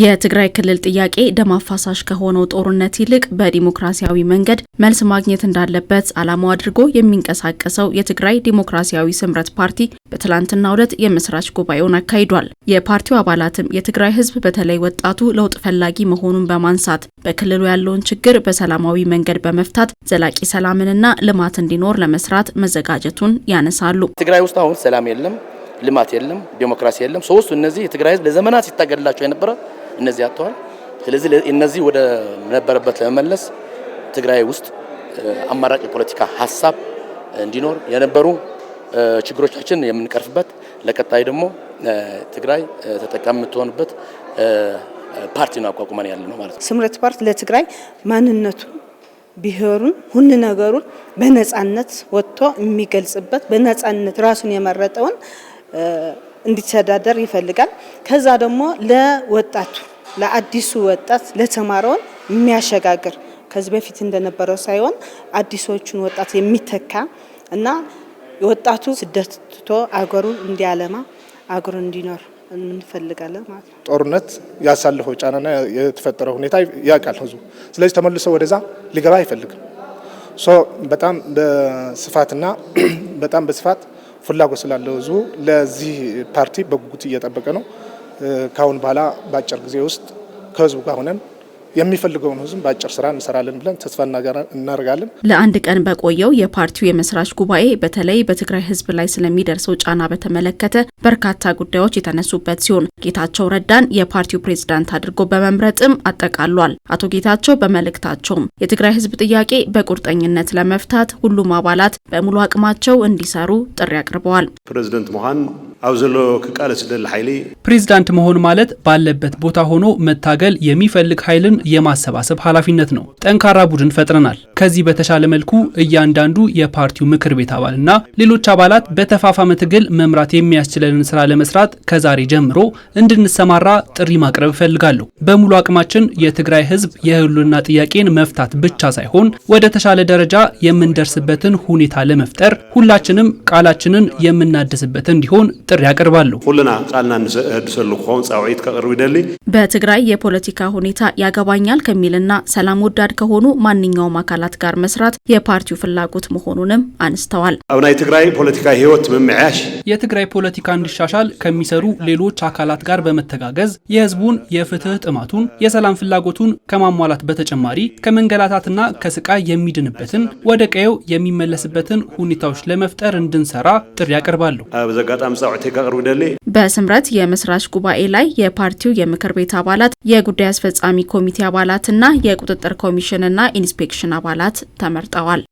የትግራይ ክልል ጥያቄ ደም አፋሳሽ ከሆነው ጦርነት ይልቅ በዲሞክራሲያዊ መንገድ መልስ ማግኘት እንዳለበት ዓላማው አድርጎ የሚንቀሳቀሰው የትግራይ ዲሞክራሲያዊ ስምረት ፓርቲ በትላንትናው ዕለት የመስራች ጉባኤውን አካሂዷል። የፓርቲው አባላትም የትግራይ ሕዝብ በተለይ ወጣቱ ለውጥ ፈላጊ መሆኑን በማንሳት በክልሉ ያለውን ችግር በሰላማዊ መንገድ በመፍታት ዘላቂ ሰላምንና ልማት እንዲኖር ለመስራት መዘጋጀቱን ያነሳሉ። ትግራይ ውስጥ አሁን ሰላም የለም፣ ልማት የለም፣ ዲሞክራሲ የለም። ሶስቱ እነዚህ የትግራይ ሕዝብ ለዘመናት ሲታገልላቸው የነበረ እነዚህ አጥተዋል። ስለዚህ እነዚህ ወደ ነበረበት ለመመለስ ትግራይ ውስጥ አማራጭ የፖለቲካ ሀሳብ እንዲኖር የነበሩ ችግሮቻችን የምንቀርፍበት ለቀጣይ ደግሞ ትግራይ ተጠቃሚ የምትሆንበት ፓርቲ ነው አቋቁመን ያለ ነው ማለት ነው። ስምረት ፓርቲ ለትግራይ ማንነቱን፣ ብሔሩን፣ ሁሉ ነገሩን በነፃነት ወጥቶ የሚገልጽበት በነፃነት ራሱን የመረጠውን እንዲተዳደር ይፈልጋል። ከዛ ደግሞ ለወጣቱ ለአዲሱ ወጣት ለተማረውን የሚያሸጋግር ከዚህ በፊት እንደነበረው ሳይሆን አዲሶቹን ወጣት የሚተካ እና ወጣቱ ስደት ትቶ አገሩ እንዲያለማ አገሩ እንዲኖር እንፈልጋለን ማለት ነው። ጦርነት ያሳለፈው ጫናና የተፈጠረው ሁኔታ ያውቃል ህዝቡ። ስለዚህ ተመልሶ ወደዛ ሊገባ አይፈልግም። ሶ በጣም በስፋትና በጣም በስፋት ፍላጎት ስላለው ህዝቡ ለዚህ ፓርቲ በጉጉት እየጠበቀ ነው። ከአሁን በኋላ በአጭር ጊዜ ውስጥ ከህዝቡ ጋር ሆነን የሚፈልገውን ህዝብ በአጭር ስራ እንሰራለን ብለን ተስፋ እናደርጋለን። ለአንድ ቀን በቆየው የፓርቲው የመስራች ጉባኤ በተለይ በትግራይ ህዝብ ላይ ስለሚደርሰው ጫና በተመለከተ በርካታ ጉዳዮች የተነሱበት ሲሆን ጌታቸው ረዳን የፓርቲው ፕሬዝዳንት አድርጎ በመምረጥም አጠቃሏል። አቶ ጌታቸው በመልእክታቸውም የትግራይ ህዝብ ጥያቄ በቁርጠኝነት ለመፍታት ሁሉም አባላት በሙሉ አቅማቸው እንዲሰሩ ጥሪ አቅርበዋል። ፕሬዝደንት ምዃን አብ ዘሎ ክቃለስ ደሊ ሓይሊ ፕሬዝዳንት መሆን ማለት ባለበት ቦታ ሆኖ መታገል የሚፈልግ ኃይልን የማሰባሰብ ኃላፊነት ነው። ጠንካራ ቡድን ፈጥረናል። ከዚህ በተሻለ መልኩ እያንዳንዱ የፓርቲው ምክር ቤት አባልና ሌሎች አባላት በተፋፋመ ትግል መምራት የሚያስችለንን ስራ ለመስራት ከዛሬ ጀምሮ እንድንሰማራ ጥሪ ማቅረብ እፈልጋለሁ። በሙሉ አቅማችን የትግራይ ህዝብ የህልውና ጥያቄን መፍታት ብቻ ሳይሆን ወደ ተሻለ ደረጃ የምንደርስበትን ሁኔታ ለመፍጠር ሁላችንም ቃላችንን የምናድስበት እንዲሆን ጥሪ ያቀርባለሁ። ሁልና ቃልና ንድሰሉ ከሆን ጻውዒት ከቅርብ ይደሊ በትግራይ የፖለቲካ ሁኔታ ያገባል ይገባኛል ከሚልና ሰላም ወዳድ ከሆኑ ማንኛውም አካላት ጋር መስራት የፓርቲው ፍላጎት መሆኑንም አንስተዋል። ኣብ ናይ ትግራይ ፖለቲካ ህይወት ምምዕያሽ የትግራይ ፖለቲካ እንዲሻሻል ከሚሰሩ ሌሎች አካላት ጋር በመተጋገዝ የህዝቡን የፍትህ ጥማቱን የሰላም ፍላጎቱን ከማሟላት በተጨማሪ ከመንገላታትና ከስቃይ የሚድንበትን ወደ ቀየው የሚመለስበትን ሁኔታዎች ለመፍጠር እንድንሰራ ጥሪ ያቀርባለሁ። ደሊ በስምረት የመስራች ጉባኤ ላይ የፓርቲው የምክር ቤት አባላት፣ የጉዳይ አስፈጻሚ ኮሚቴ አባላትና የቁጥጥር ኮሚሽንና ኢንስፔክሽን አባላት ተመርጠዋል።